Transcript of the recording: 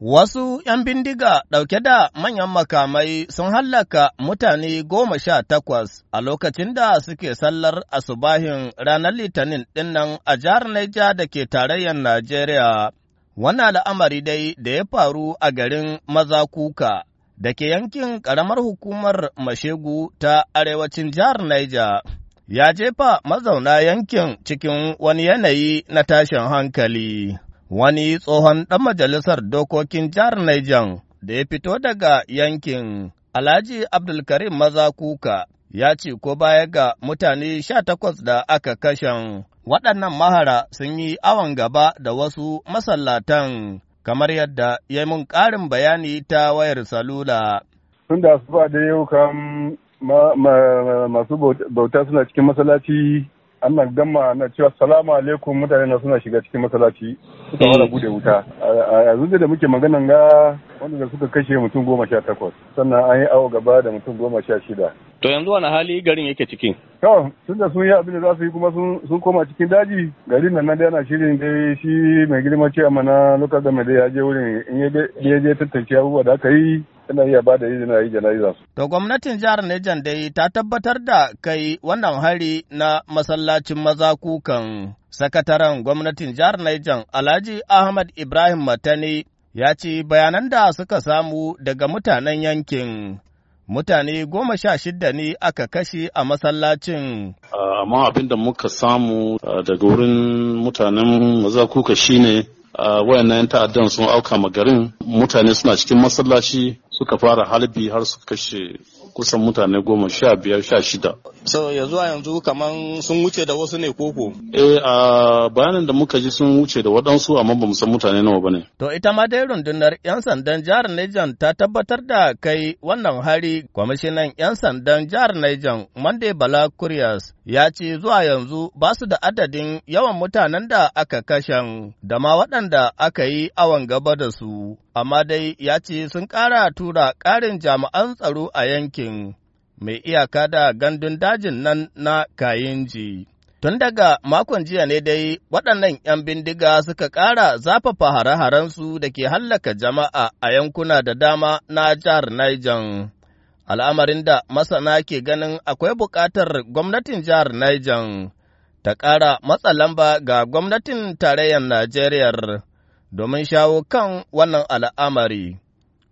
Wasu ’yan bindiga ɗauke da manyan makamai sun hallaka mutane goma sha takwas a lokacin da suke sallar asubahin ranar Litinin ɗinnan a jihar Naija da ke tarayyar Najeriya. Wannan al'amari dai da ya faru a garin Mazakuka da ke yankin ƙaramar hukumar Mashegu ta arewacin jihar Naija ya jefa mazauna yankin cikin wani yanayi na tashin hankali. wani tsohon ɗan majalisar dokokin jihar Niger da ya fito daga yankin Alhaji Abdulkarim Maza Kuka ya ce ko baya ga mutane sha takwas da aka kashen waɗannan mahara sun yi awon gaba da wasu masallatan kamar yadda ya mun ƙarin bayani ta wayar salula. Tun da su ba da yau kam masu bauta suna cikin masallaci Allah gama na cewa salamu alaikum mutane na suna shiga cikin masalaci. suka fara eh. bude wuta a yanzu da muke maganan ga wanda suka kashe mutum goma sha takwas sannan an yi awo gaba da mutum goma sha shida to yanzu wani hali garin yake cikin to tun da sun yi abin da za su yi kuma sun koma cikin daji garin nan da yana shirin dai shi mai girma ce amma na lokacin da mai ya je wurin in ya je tattace abubuwa da aka yi suna iya ba da izini a yi jana'izan su. To gwamnatin jihar da dai ta tabbatar da kai wannan hari na masallacin maza kukan sakataren gwamnatin jihar Nijar Alhaji Ahmad Ibrahim Matani ya ce bayanan da suka samu daga mutanen yankin mutane goma sha shida ne aka kashe a masallacin. Ah, amma abin da muka samu ah, daga wurin mutanen maza kuka shine ah, wayannan ta'addan sun auka garin mutane suna cikin masallaci suka fara halbi har suka kashe kusan mutane goma sha biyar sha shida. So ya zuwa yanzu kaman sun wuce da wasu ne koko? Eh a bayanin da muka ji sun wuce da waɗansu amma ba san mutane nawa bane. To ita ma dai rundunar 'yan sandan jihar Niger ta tabbatar da kai wannan hari kwamishinan 'yan sandan jihar Niger Monday Bala Kuriyas ya ce zuwa yanzu ba su da adadin yawan mutanen da aka kashen da ma waɗanda aka yi awon gaba da su. Amma dai ya ce sun ƙara tura ƙarin jami'an tsaro a yankin. aikin mai iyaka da gandun dajin nan na Kayinji. Tun daga makon jiya ne dai waɗannan ‘yan bindiga suka ƙara zafafa hare-harensu da ke hallaka jama'a a yankuna da dama na jihar Niger. Al'amarin da masana ke ganin akwai buƙatar gwamnatin jihar Niger ta ƙara matsa lamba ga gwamnatin tarayyar Najeriya domin shawo kan wannan al'amari.